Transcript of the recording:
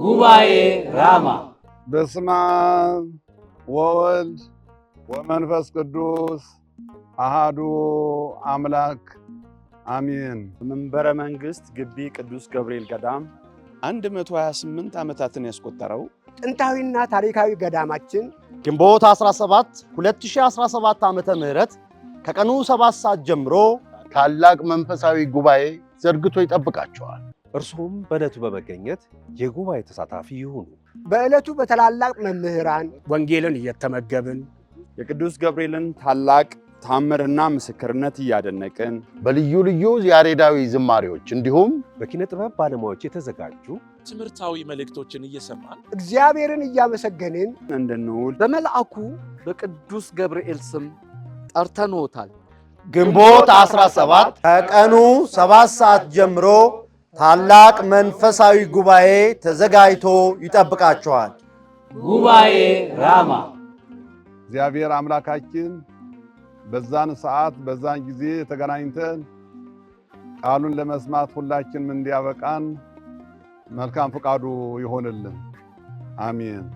ጉባኤ ራማ በስመ አብ ወወልድ ወመንፈስ ቅዱስ አሃዱ አምላክ አሚን መንበረ መንግስት ግቢ ቅዱስ ገብርኤል ገዳም 128 ዓመታትን ያስቆጠረው ጥንታዊና ታሪካዊ ገዳማችን ግንቦት 17 2017 ዓ.ም ከቀኑ 7 ሰዓት ጀምሮ ታላቅ መንፈሳዊ ጉባኤ ዘርግቶ ይጠብቃቸዋል። እርሱም በዕለቱ በመገኘት የጉባኤ ተሳታፊ ይሁኑ። በዕለቱ በታላላቅ መምህራን ወንጌልን እየተመገብን የቅዱስ ገብርኤልን ታላቅ ታምርና ምስክርነት እያደነቅን በልዩ ልዩ ያሬዳዊ ዝማሬዎች እንዲሁም በኪነ ጥበብ ባለሙያዎች የተዘጋጁ ትምህርታዊ መልእክቶችን እየሰማን እግዚአብሔርን እያመሰገንን እንድንውል በመልአኩ በቅዱስ ገብርኤል ስም ጠርተንዎታል። ግንቦት 17 ከቀኑ 7 ሰዓት ጀምሮ ታላቅ መንፈሳዊ ጉባኤ ተዘጋጅቶ ይጠብቃችኋል። ጉባኤ ራማ። እግዚአብሔር አምላካችን በዛን ሰዓት በዛን ጊዜ ተገናኝተን ቃሉን ለመስማት ሁላችንም እንዲያበቃን መልካም ፈቃዱ ይሆንልን። አሜን።